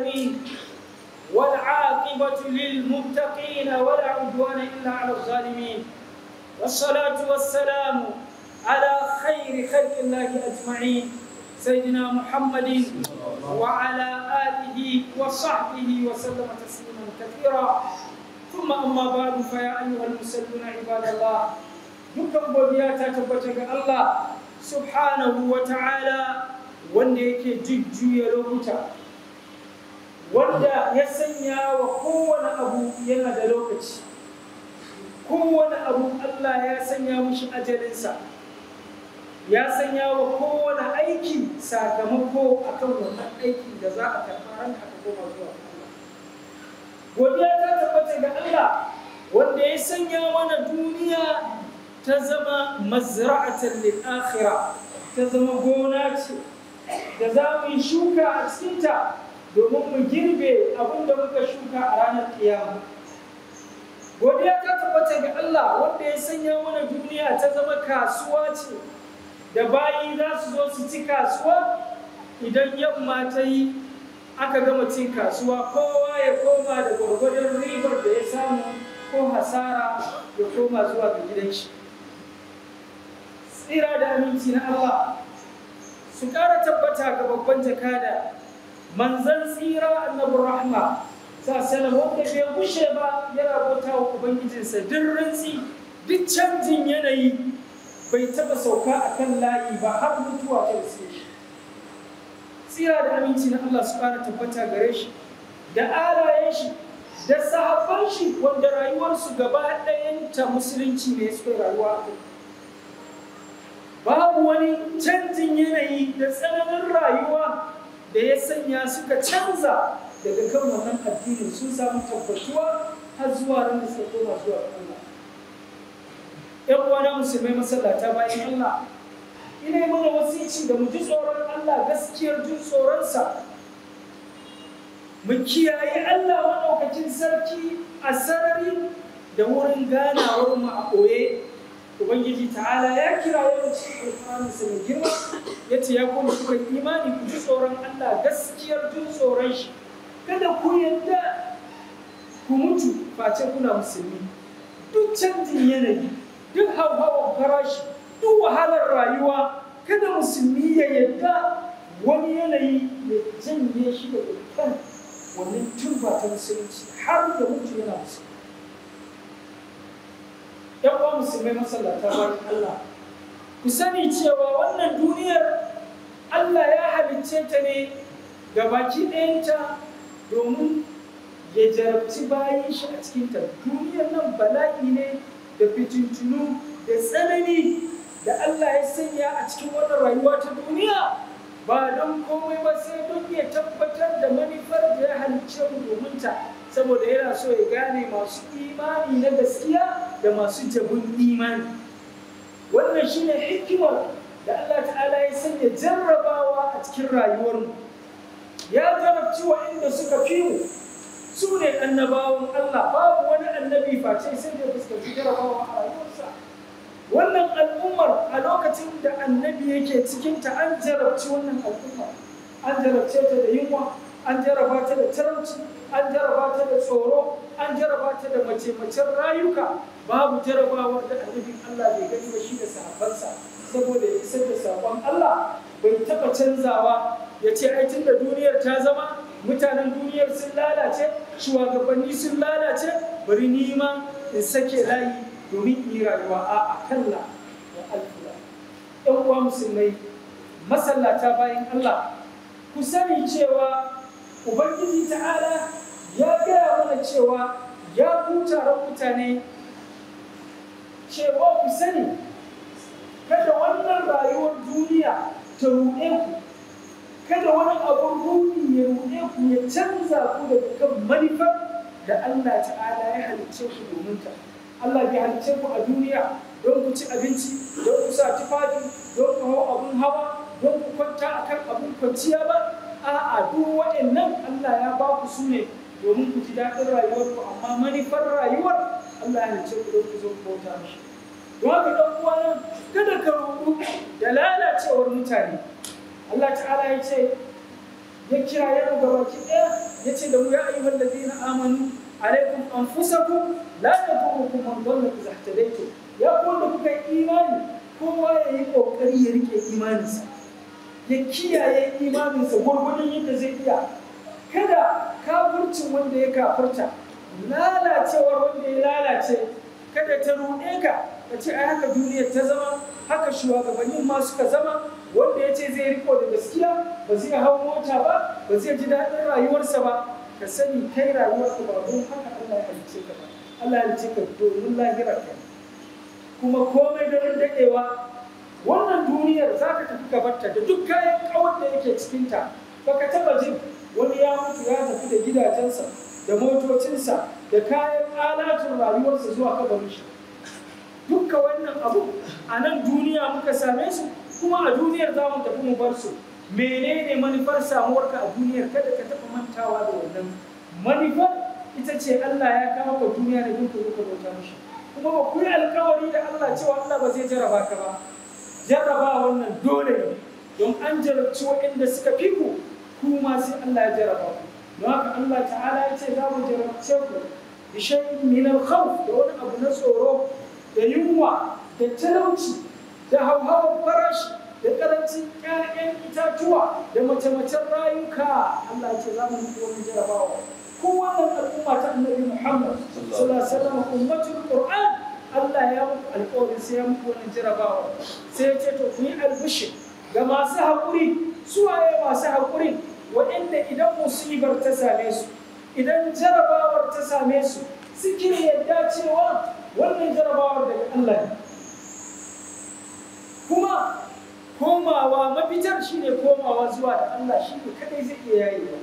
العالمين والعاقبة للمتقين ولا عدوان إلا على الظالمين والصلاة والسلام على خير خلق الله أجمعين سيدنا محمد وعلى آله وصحبه وسلم تسليما كثيرا ثم أما بعد فيا أيها المسلمون عباد الله dukkan godiya ta tabbata ga Allah subhanahu wa ta'ala wanda yake jujjuya lokuta wanda ya sanya wa kowane abu yana da lokaci kowane abu Allah ya sanya mushi ajalinsa ya sanya wa kowane aiki sakamako akan wannan aikin da za a karɓa ranka ka koma zuwa godiya ta tabbata ga Allah wanda ya sanya mana duniya ta zama mazra'atan lil akhirah ta zama gona ce da za mu yi shuka a cikinta domin mu girbe abin da muka shuka a ranar kiyama godiya ta tabbata ga Allah wanda ya sanya mana duniya ta zama kasuwa ce da bayi za su zo su ci kasuwa idan yamma ta yi aka gama cin kasuwa kowa ya koma da gwargwadon ribar da ya samu ko hasara ya koma zuwa ga gidan shi tsira da aminci na Allah su ƙara tabbata ga babban jakada manzan tsira annabin rahma sasalam wanda bai gushe ba yana bauta wa ubangijinsa duk rantsi duk canjin yanayi bai taba sauka a kan layi ba har mutuwa ta rufe shi tsira da aminci na Allah su kara tabbata gare shi da alayen shi da sahabban shi wanda rayuwarsu gaba ɗayanta musulunci ne suka rayuwa babu wani canjin yanayi da tsananin rayuwa da ya sanya suka canza daga kan wannan addinin sun samu tabbatuwa har zuwa ran da suka koma zuwa Allah yan uwana musulmai masallata bayan Allah ina yi mana ci da mu ji tsoron Allah gaskiyar jin tsoronsa mu kiyaye Allah maɗaukakin sarki a sarari da wurin ganawar mu a ɓoye ubangiji ta'ala ya kira wani cikin alƙur'ani sai girma ya ce ya shi kai imani ku ji tsoron Allah gaskiyar jin tsoron shi kada ku yadda ku mutu face kuna musulmi duk canjin yanayi duk hauhawar farashi duk wahalar rayuwa kada musulmi ya yadda wani yanayi ya janye shi daga kan wannan turba ta musulunci har da mutu yana musulmi yan uwa musulmai masallata ba Allah ku sani cewa wannan duniyar Allah ya halicce ta ne ga baki ɗayanta domin ya jarabci bayan shi a cikinta duniyar nan bala'i ne da fitintunu da tsanani da Allah ya sanya a cikin wannan rayuwa ta duniya ba don komai ba sai don ya tabbatar da manufar da ya halicce mu domin ta saboda yana so ya gane masu imani na gaskiya da masu jabun imani wannan shine hikimar da Allah ta'ala ya sanya jarrabawa a cikin rayuwarmu ya jarabci inda suka fi mu su ne annabawan Allah babu wani annabi face sai da fuskanci jarrabawa a rayuwarsa wannan al'ummar a lokacin da annabi yake cikinta an jarabci wannan al'ummar an jarabce ta da yunwa an jarraba ta da talauci an jarraba ta da tsoro an jarraba ta da mace-macen rayuka babu jarabawar da annabin Allah bai gani ba shi da sahabbansa saboda ya isar da saƙon Allah bai taɓa canzawa ya ce ai tun da duniyar ta zama mutanen duniyar sun lalace shugabanni sun lalace bari ni ma in sake layi domin in rayuwa a akalla wa alfula ɗan uwa musulmai masallata bayan Allah ku sani cewa ubangiji ta'ala ya gaya mana cewa ya kutara mutane cewa ku sani kada wannan rayuwar duniya ta ruɗe ku kada wani abun ruɗi ya ruɗe ku ya canza ku daga kan manufar da Allah ta'ala ya halicce ku domin ta Allah bai halicce ku a duniya don ku ci abinci don ku sa tufafi don ku hau abun hawa don ku kwanta akan abun kwanciya ba a'a duk waɗannan Allah ya ba ku su ne domin ku ji daɗin ku amma manufar rayuwar Allah ya ce ku ku zo bauta mishi don haka ɗan uwana kada ka rubu da lalacewar mutane Allah ta'ala ya ce ya kira ya gaba baki ɗaya ya ce da mu ya ayyuhal ladina amanu alaikum anfusakum la yadurukum man dalla idza ihtadaytum ya ku da kuka imani kowa ya yi kokari ya rike imaninsa ya kiyaye imaninsa gwargwadon yadda zai iya kada kafircin wanda ya kafirta lalacewar wanda ya lalace kada ta ruɗe ka ka ce a haka duniya ta zama haka shugabannin ma suka zama wanda ya ce zai riko da gaskiya ba zai hau mota ba ba zai ji daɗin rayuwarsa ba ka sani kai rayuwar ku ba don haka Allah ya halice ka ba Allah ya halice ka domin lahirar kuma komai don daɗewa wannan duniyar za ka tafi gabata da duk kayan kawar da yake cikinta ba ka taba jin wani ya mutu ya tafi da gidajensa da motocinsa da kayan alatun rayuwarsa zuwa kabarin shi dukka wannan abu a nan duniya muka same su kuma a duniyar za mu tafi mu bar su menene manufar samuwarka a duniyar kada ka taba mantawa da wannan manufar ita ce Allah ya kawo ka duniya da dukkan ka bauta mishi kuma ba ku yi alkawari da Allah cewa Allah ba zai jaraba ka ba jarraba wannan dole don an jarabci waɗanda suka fi ku kuma sai Allah ya jarraba ku don haka Allah ta'ala ya ce za mu jarabce ku bi shay'in min da wani abu na tsoro da yunwa da talauci da hauhawar farashi da karancin ƙyanƙyan itatuwa da mace-macen rayuka Allah ya ce za mu yi wani jarabawa ko wannan al'umma ta annabi Muhammad sallallahu alaihi wasallam ummatul Qur'an Allah ya muku alƙawarin sai ya muku wannan jarabawa sai ya ce to ni albishi ga masu haƙuri su waye masu haƙuri waɗanda idan musibar ta same su idan jarabawar ta same su suke yadda cewa wannan jarabawar daga Allah ne kuma komawa mafitar shi ne komawa zuwa da Allah shi ne kadai zai iya yayi ba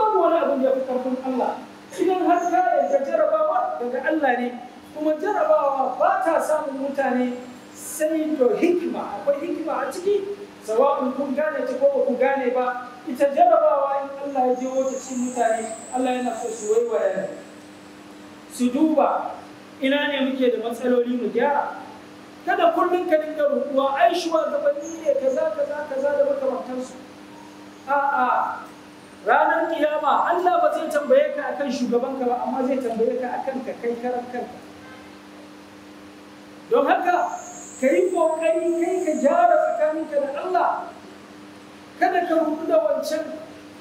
babu wani abin da ya fi karfin Allah idan har ka yarda jarabawa daga Allah ne kuma jarabawa ba ta samun mutane sai da hikima akwai hikima a ciki sawa'un kun gane ta ko ku gane ba ita jarabawa in Allah ya je wata cikin mutane Allah yana so su waiwaya su duba ina ne muke da matsaloli mu gyara kada kullum ka dinga rukuwa ai shuwa gabanni ne kaza kaza kaza da makamantansu a'a ranar kiyama Allah ba zai tambaye ka akan shugabanka ba amma zai tambaye ka akan ka kai karan kanka don haka ka yi ƙoƙari kai ka gyara tsakaninka da Allah kada ka rubu da wancan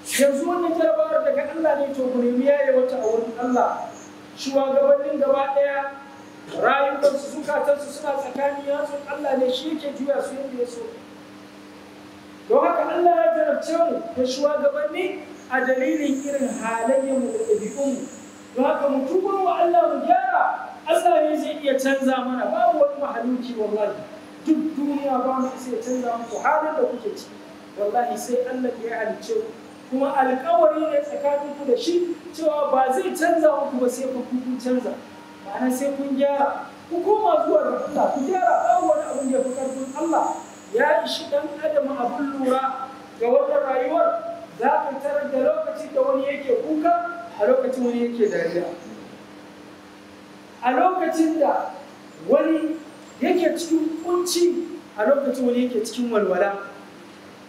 yanzu wannan jarabawar daga Allah ne to ku nemi yaye wata a wurin Allah shugabannin gaba ɗaya rayukansu zukatansu suna tsakanin yatsun Allah ne shi yake juya su yadda ya so don haka Allah ya jarabce mu da shugabanni a dalilin irin halayyarmu da ɗabi'unmu don haka mu wa Allah mu gyara Allah ne zai iya canza mana babu wani mahaluki wallahi duk duniya ba mu sai canza muku halin da kuke ci, wallahi sai Allah ya halice ku kuma alkawari ne tsakanin ku da shi cewa ba zai canza muku ba sai ku kun canza ma'ana sai kun gyara ku koma zuwa ga Allah ku gyara babu wani abin da ya fi karfin Allah ya ishi dan adam abin lura ga wannan rayuwar za ka tarar da lokacin da wani yake kuka a lokacin wani yake dariya a lokacin da wani yake cikin kunci a lokacin wani yake cikin walwala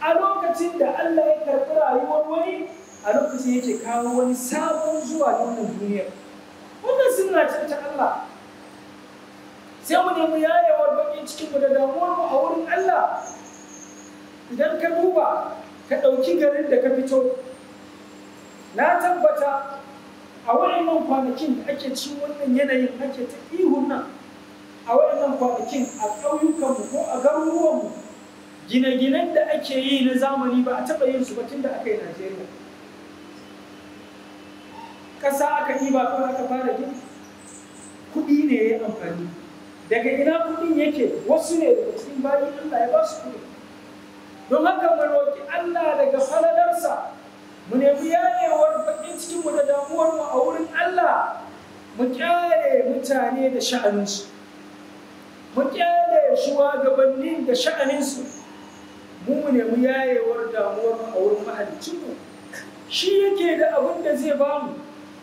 a lokacin da Allah ya karɓi rayuwar wani a lokacin yake kawo wani sabon zuwa da wannan duniyar wannan suna ce ta Allah sai mu nemi yayewar bakin cikin mu da damuwar mu a wurin Allah idan ka duba ka ɗauki garin da ka fito na tabbata a waɗannan kwanakin da ake ci wannan yanayin ake ta ihun nan a waɗannan kwanakin a ƙauyukanmu ko a garuruwanmu gine-ginen da ake yi na zamani ba a taɓa yin su ba tun da aka yi Najeriya. Kasa aka yi ba kawai aka fara gini, kuɗi ne ya amfani. Daga ina kuɗin yake wasu ne daga cikin Allah ya ba su kuɗi. Don haka mu roƙi Allah daga falalarsa mu nemi yayewar bakin cikinmu da damuwarmu a wurin Allah mu kyale mutane da sha'aninsu mu kyale shugabannin da sha'aninsu mu mu nemi yayewar damuwarmu a wurin mahalicinmu shi yake da abin da zai bamu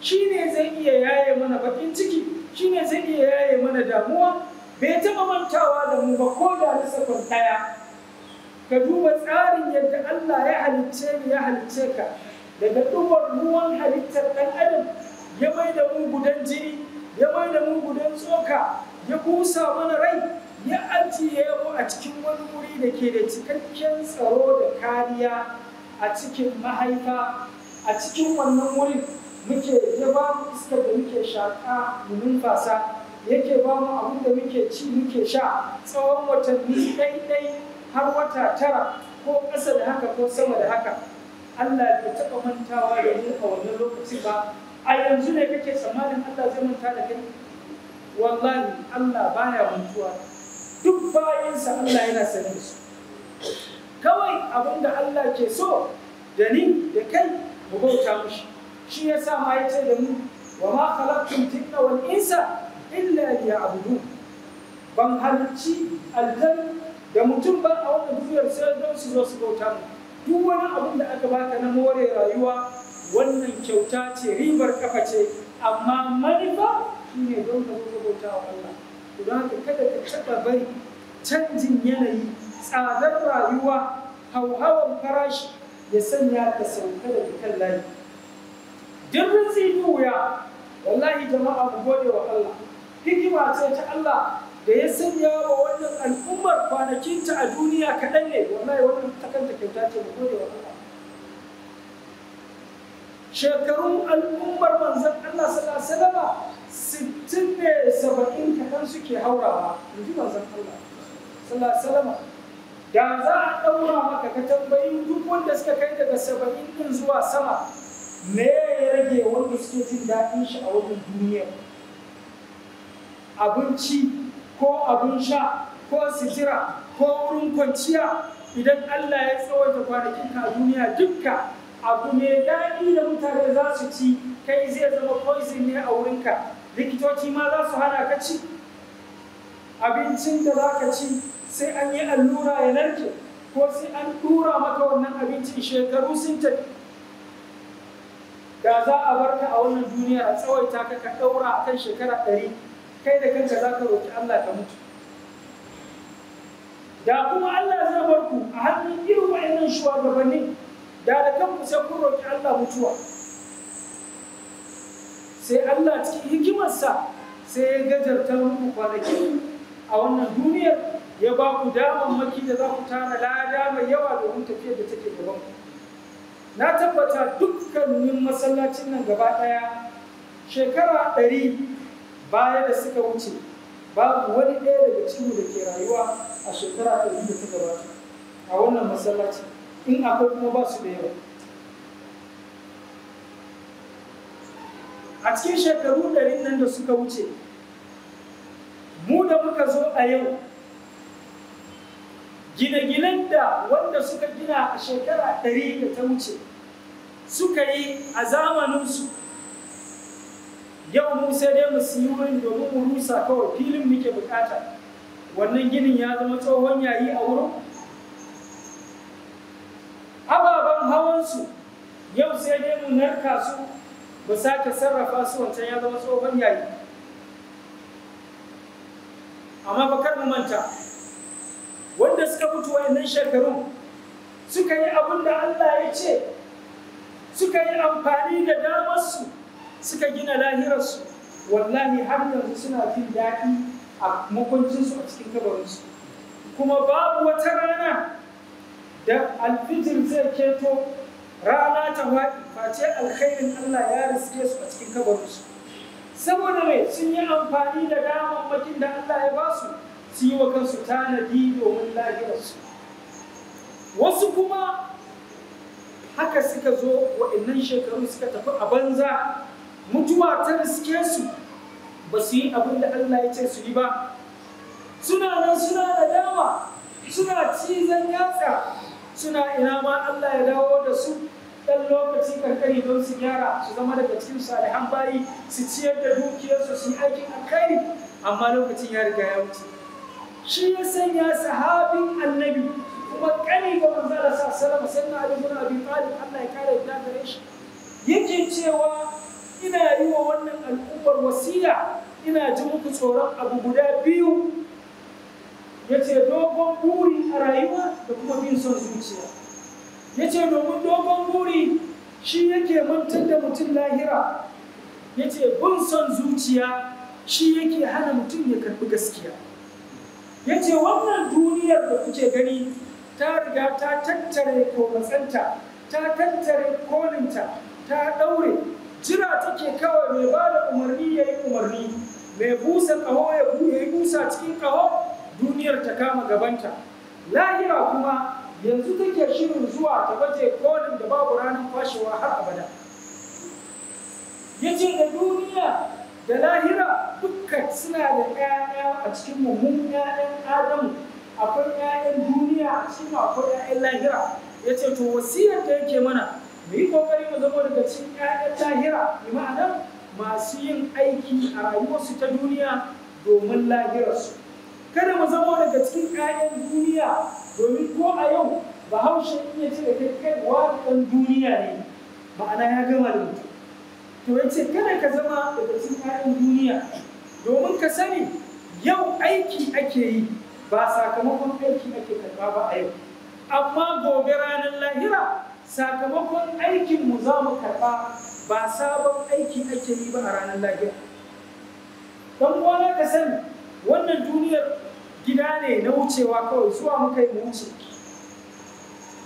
shi ne zai iya yaye mana bakin ciki shi ne zai iya yaye mana damuwa bai taɓa mantawa da mu ba ko da na sakon ɗaya ka duba tsarin yadda Allah ya halicce ni ya halicce ka daga dubar ruwan halittar ɗan adam ya mai da mu gudan jini ya mai da mu gudan tsoka ya kusa mana rai ya ajiye mu a cikin wani wuri da ke da cikakken tsaro da kariya a cikin mahaifa a cikin wannan wurin muke ya ba mu iskar da muke shaƙa mu numfasa yake ba mu abin da muke ci muke sha tsawon watanni ɗaiɗai har wata tara ko ƙasa da haka ko sama da haka Allah bai taɓa mantawa da mu a wannan lokaci ba a yanzu ne kake tsammanin Allah zai manta da kai wallahi Allah baya mantuwa duk sa Allah yana sani su kawai abinda Allah ke so da ni da kai mu bauta mishi shi yasa ma yace da mu wa ma khalaqtum jinna wal insa illa liya'budun ban halicci aljan da mutum ba a wannan duniyar sai don su zo su bauta mu duk wani abin da aka baka na more rayuwa wannan kyauta ce ribar kafa ce amma manufa shine don ka zo bauta wa Allah to don haka kada ka taba bari canjin yanayi tsadar rayuwa hauhawan farashi ya sanya ka sauka da kan layi duk rinzi wuya wallahi jama'a mu gode wa Allah hikima ce ta Allah da ya sanya wa wannan al'ummar kwanakinta a duniya kaɗan ne wallahi wannan ta kyauta ce mu gode wa shekarun al'ummar manzon Allah sallallahu alaihi wasallam sittin ne saba'in kaɗan suke haurawa in ji Allah sallallahu alaihi wasallam da za a ɗaura maka ka tambayi duk wanda suka kai daga saba'in ɗin zuwa sama me ya rage wanda suke jin daɗin shi a wajen duniya abinci ko abun sha ko sitira ko wurin kwanciya idan Allah ya tsawata kwanakin ka duniya dukka abu mai daɗi da mutane za su ci kai zai zama poison ne a wurinka likitoci ma za su hana ka ci abincin da za ka ci sai an yi allura ya narke ko sai an dura maka wannan abincin shekaru sun tafi da za a barka a wannan duniya a tsawaita ka ka ɗaura a kan shekara ɗari kai da kanka za ka roƙi Allah ka mutu da kuma Allah zai bar ku a hannun irin wa'annan shugabanni da da kanku sai kun roƙi Allah mutuwa sai Allah cikin hikimarsa sai ya gajarta muku kwanaki a wannan duniyar ya ba ku maki da za ku tara lada mai yawa domin tafiyar da take gaban ku na tabbata dukkanin masallacin nan gaba ɗaya shekara ɗari baya da suka wuce babu wani ɗaya daga cikinmu da ke rayuwa a shekara ɗari da ta gabata a wannan masallaci in akwai kuma ba su da yawa a cikin shekaru ɗari nan da suka wuce mu da muka zo a yau gine-ginen da wanda suka gina a shekara ɗari da ta wuce suka yi a zamaninsu yau mu sai dai mu siyi wurin domin mu rusa kawai filin muke bukata wannan ginin ya zama tsohon yayi a wurin ababen hawansu yau sai dai mu narka su mu sake sarrafa su wancan ya zama tsohon yayi amma ba kar mu manta wanda suka mutu wayannan shekarun suka yi abin da Allah ya ce suka yi amfani da damarsu su suka gina lahirarsu wallahi har yanzu suna jin daɗi a makwancinsu a cikin kabarinsu kuma babu wata rana da alfijir zai keto rana ta waɗi face alkhairin Allah ya riske su a cikin kabarinsu saboda mai sun yi amfani da damammakin da Allah ya ba su su yi wa kansu tanadi domin lahirarsu wasu kuma haka suka zo waɗannan shekaru suka tafi a banza mutuwa ta riske su ba su yi abin da Allah ya ce su yi ba suna nan suna da dawa? suna cizon yatsa suna ina ma Allah ya dawo da su ɗan lokaci karkari don su gyara su zama daga cikin salihan bayi su ciyar da dukiyarsu su yi aikin alkhairi amma lokacin ya riga ya wuce shi ya sanya sahabin annabi kuma kani ga manzo Allah sallallahu alaihi wasallam sanna Allah ya kare da gare shi yake cewa ina yi wa wannan al'ummar wasiya ina ji muku tsoron abu guda biyu ya ce dogon buri a rayuwa da kuma bin son zuciya ya ce domin dogon buri shi yake mantar da mutum lahira ya ce bin son zuciya shi yake hana mutum ya karbi gaskiya ya ce wannan duniyar da kuke gani ta riga ta tattare matsanta ta tattare kolinta ta ɗaure jira take kawai mai ba da umarni ya yi umarni mai busa kaho ya yi busa cikin kaho duniyar ta kama gabanta lahira kuma yanzu take shirin zuwa ta baje kolin da babu ranar fashewa har abada ya da duniya da lahira dukkan suna da ƴaƴa a cikin mun ƴaƴan adamu akwai ƴaƴan duniya a cikin akwai ƴaƴan lahira yace to wasiyar da yake mana mu yi kokari mu zama daga cikin ƴaƴan tahira bi ma'ana masu yin aiki a rayuwarsu ta duniya domin lahirarsu kada mu zama daga cikin ƴaƴan duniya domin ko a yau bahaushe in ya ce da kai kai ɗan duniya ne ma'ana ya gama da mutum to ya ce kada ka zama daga cikin ƴaƴan duniya domin ka sani yau aiki ake yi ba sakamakon aiki ake karɓa ba a yau amma gobe ranar lahira sakamakon aikin mu za mu karɓa ba sabon aiki ake yi ba a ranar lafiya don gona ka sani wannan duniyar gida ne na wucewa kawai zuwa muka yi mu wuce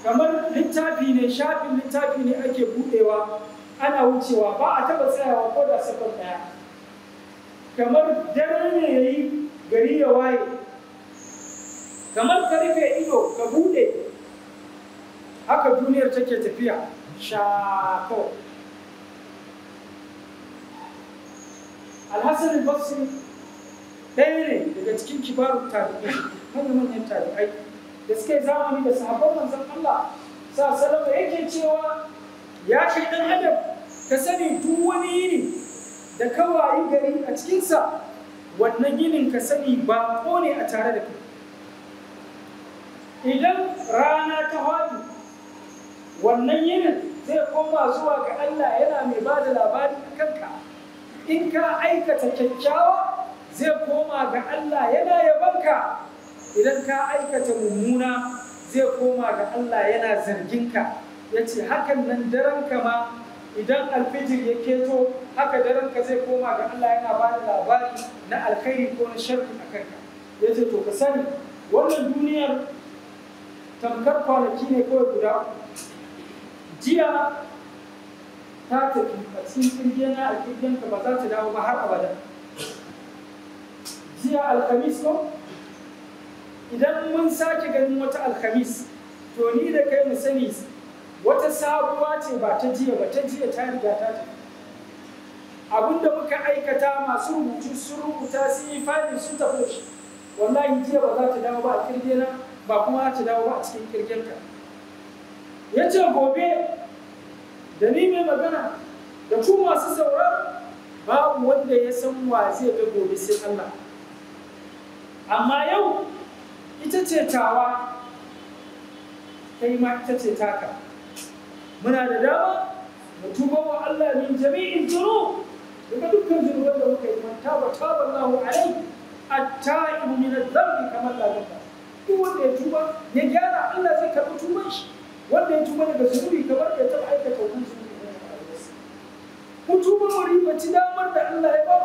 kamar littafi ne shafin littafi ne ake buɗewa ana wucewa ba a taɓa tsayawa ko da sakon ɗaya kamar dare ne ya yi gari ya waye kamar ka rufe ido ka buɗe haka duniyar take tafiya sha kawai alhassan basri ɗaya ne daga cikin kibarun tabi'ai manya-manyan tabi'ai da suke zamani da sahabban manzon Allah sa salama yake cewa ya kai dan adam ka sani duk wani yini da kawai gari a cikinsa wannan yinin ka sani ba ne a tare da kai idan rana ta haɗu wannan yinin zai koma zuwa ga Allah yana mai ba da labari a kanka in ka aikata kyakkyawa zai koma ga Allah yana yabanka idan ka aikata mummuna zai koma ga Allah yana zarginka ya ce hakan nan daranka ma idan alfijir ya keto haka daranka zai koma ga Allah yana ba da labari na alkhairi ko na sharri a kanka ya ce to ka sani wannan duniyar tamkar kwanaki ne kawai guda uku jiya ta tafi a cikin kirgena a kirgenka ba za ta dawo ba har abada jiya alkhamis ko idan mun sake ganin wata alkhamis to ni da kai mu sani wata sabuwa ce ba ta jiya ba ta jiya ta riga ta tafi abinda muka aikata masu rubutu sun rubuta sun yi fari sun tafi wallahi jiya ba za ta dawo ba a kirgena ba kuma za ta dawo ba a cikin kirgenka ya ce gobe da ni mai magana da ku masu saura babu wanda ya san wa zai ga gobe sai Allah amma yau ita ce tawa kai ma ita ce taka muna da dama mu tuba wa Allah min jami'in zunub daga dukkan zunuban da muka yi man taba taba Allahu alai at-ta'ibu min adh-dhanbi kamar la duk wanda ya tuba ya gyara Allah zai karɓi tuban shi wanda ya tuba daga zunubi kamar ya taɓa aikata wani zunubi na mu tuba mu ci damar da Allah ya ba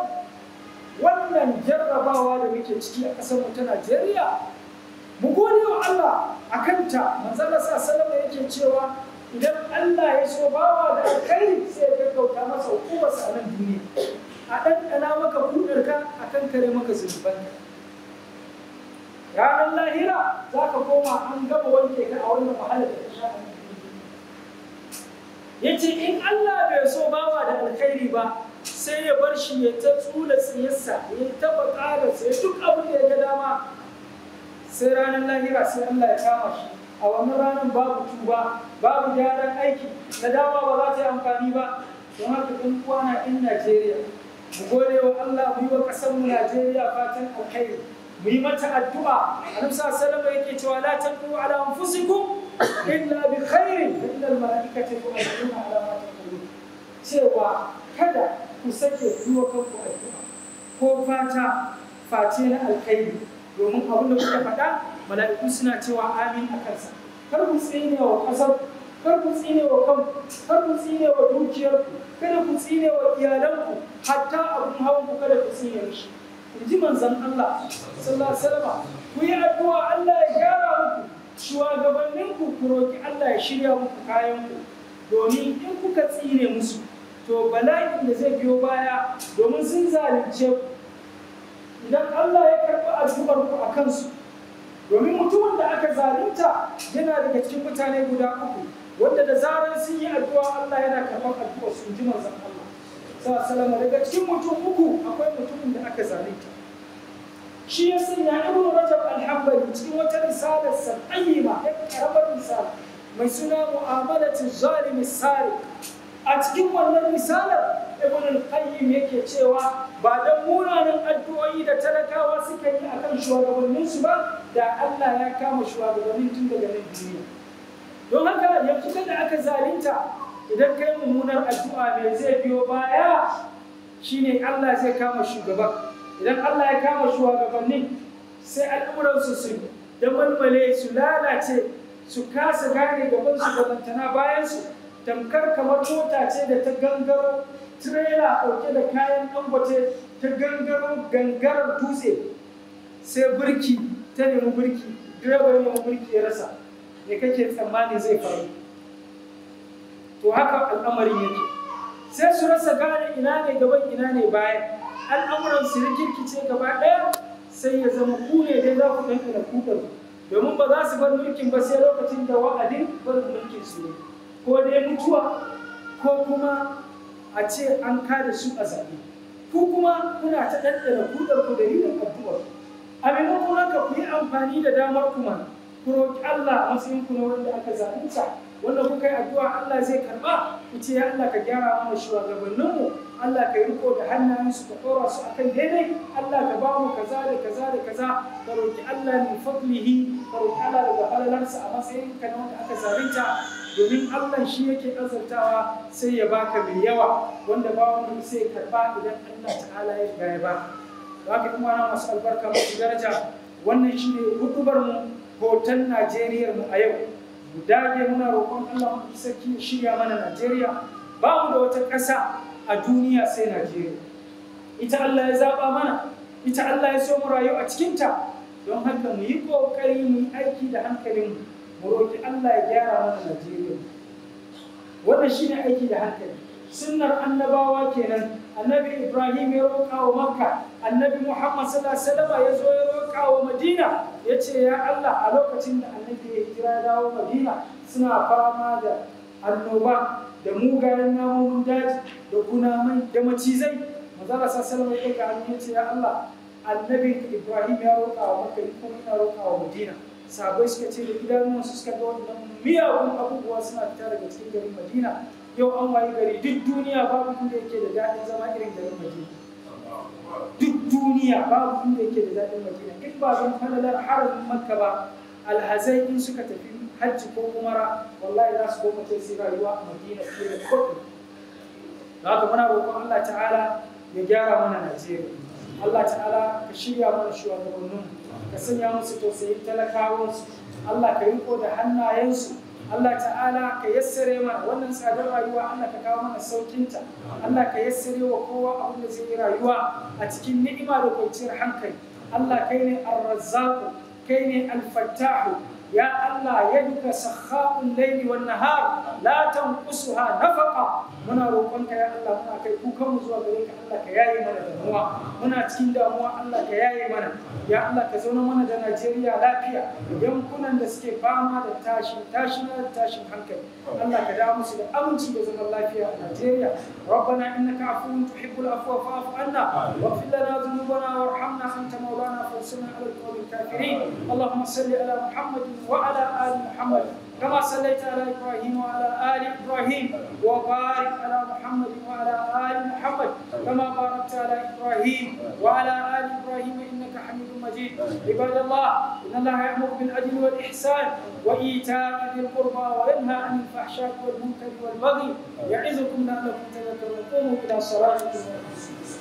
wannan jarrabawa da muke ciki a ƙasar mu ta Najeriya mu gode wa Allah a kanta manzon sa Salama yake cewa idan Allah ya so bawa da alkhairi sai ya gaggauta masa hukumarsa a nan duniya a ɗanɗana maka kudarka a kan maka zunubanka ranar lahira za ka koma an gaba wanke ka a wannan wahalar da ta sha ya ce in Allah bai so bawa da alkhairi ba sai ya bar shi ya ta tsula tsiyarsa ya taɓa bakararsa ya duk abin da ya ga dama sai ranar lahira sai Allah ya kama shi a wannan ranar babu tuba babu gyaran aiki na dama ba za ta yi amfani ba don haka ɗin kwana in Najeriya mu gode wa Allah mu yi wa ƙasarmu Najeriya fatan alkhairi mu yi mata addu'a annabi sallallahu alaihi yake cewa la taqu ala anfusikum illa bi khairin fa innal malaikata yu'minuna ala ma taqulun cewa kada ku sake yiwa kanku addu'a ko fata face na alkhairi domin abin da kuka faɗa mala'iku suna cewa amin a kansa kar ku tsine wa ƙasar kar ku tsine wa kanku kar ku tsine wa dukiyarku kada ku tsine wa iyalanku hatta abin hawan ku kada ku tsine shi inji manzan Allah sallallahu alaihi wasallam ku yi addu'a Allah ya gyara muku shugabannin ku ku roki Allah ya shirya muku kayan ku domin in kuka tsire musu to bala'in da zai biyo baya domin sun zalunce ku idan Allah ya karɓi addu'ar ku a kansu domin mutumin da aka zalunta yana daga cikin mutane guda uku wanda da zarar sun yi addu'a Allah yana karɓar addu'ar su ji manzan Allah salama daga cikin mutum uku akwai mutumin da aka ta. shi ya sanya ibn rajab al-hanbali cikin wata risalar sa qayyima ya karamar risala mai suna mu'amalatu zalimi sari a cikin wannan risalar ibn al-qayyim yake cewa ba dan munanan addu'o'i da talakawa suka yi akan shugabannin su ba da Allah ya kama shugabannin tun daga nan duniya don haka yanzu da aka zalunta idan kai mummunar addu'a mai zai biyo baya shine Allah zai kama shugaban idan Allah ya kama shugabanni sai al'umuran su damalmale su lalace su kasa gane gaban su gabantana bayan su tamkar kamar mota ce da ta gangaro tirela ɗauke da kayan dangote ta gangaro gangarar dutse sai birki ta nemi birki direba ya birki ya rasa me kake tsammani zai faru to haka al'amarin yake sai su rasa gane ina ne gaban ina ne baya al'amuran su rikirkice gaba ɗaya sai ya zama ku ne dai za ku ɗanɗana kuɗar domin ba za su bar mulkin ba sai lokacin da wa'adin barin mulkin su ne ko dai mutuwa ko kuma a ce an kare su a zaɓe ku kuma kuna ta ɗanɗana kuɗar ku da yin addu'ar a maimakon haka ku yi amfani da damar kuma ku roƙi Allah a matsayin ku na wanda aka ta? wanda kuka yi addu'a Allah zai karba ku ce ya Allah ka gyara mana shugabanninmu Allah ka yi riko da hannayensu ka ɗora su akan daidai Allah ka bamu kaza da kaza da kaza ka roki Allah min fadlihi ka roki Allah daga halalarsa a matsayin ka na wanda aka zalunta domin Allah shi yake azurtawa sai ya baka mai yawa wanda ba wanda sai karba idan Allah ta'ala ya riga ya ba haka kuma na masu albarka masu daraja wannan shine hudubar mu hoton Najeriya mu a yau mu dage muna roƙon Allah mu saki shirya mana Najeriya babu da wata ƙasa a duniya sai Najeriya ita Allah ya zaba mana ita Allah ya so mu rayu a cikinta don haka mu yi ƙoƙari mu yi aiki da hankalin mu roƙi Allah ya gyara mana Najeriya wannan shine aiki da hankali sunnar annabawa kenan annabi ibrahim ya roƙa wa makka annabi muhammad sallallahu alaihi wasallam ya zo ya roƙa wa madina ya ce ya allah a lokacin da annabi ya hijira dawo madina suna fama da annoba da mugayen namomin daji da kunamai da macizai manzala sallallahu alaihi wasallam ya ce ya Allah annabi Ibrahim ya roƙa wa Makka kuma ina roƙa wa Madina sabai suka ce da idanun su suka ga wannan miyagun abubuwa suna fita daga cikin garin Madina yau an wayi gari duk duniya babu inda yake da daɗin zama irin garin Madina duk duniya babu inda yake da daɗin Madina in ba zan falalar haramin Makka ba alhazai in suka tafi hajji ko umara wallahi za su goma ce su rayuwa a madina su da kuɗi Za haka muna roƙon allah ta'ala ya gyara mana najeriya allah ta'ala ka shirya mana shugabannin ka sanya musu tausayin talakawansu allah ka ko da hannayensu Allah ta'ala ka yassare mana wannan tsadar rayuwa Allah ka kawo mana saukinta Allah ka yassare wa kowa abin da zai yi rayuwa a cikin ni'ima da kwanciyar hankali Allah kai ne arrazzaku kenye alfatahu يا الله يدك سخاء الليل والنهار لا تنقصها نفقة منا روقنك يا الله منا كي كوكم زوا غريك الله كياي منا دموع منا cikin damuwa Allah ka yaye mana ya Allah ka zauna mana da Najeriya lafiya yankunan da suke fama da tashi tashi na tashin hankali Allah ka dawo musu da aminci da zaman lafiya a Najeriya ربنا انك عفو تحب العفو فاعف عنا واغفر لنا ذنوبنا وارحمنا انت مولانا فانصرنا على القوم الكافرين اللهم صل على محمد وعلى آل محمد كما صليت على إبراهيم وعلى آل إبراهيم وبارك على محمد وعلى آل محمد كما باركت على إبراهيم وعلى آل إبراهيم إنك حميد مجيد عباد الله إن الله يأمر بالعدل والإحسان وإيتاء ذي القربى وينهى عن الفحشاء والمنكر والبغي يعظكم لعلكم تذكرون قوموا إلى صلاتكم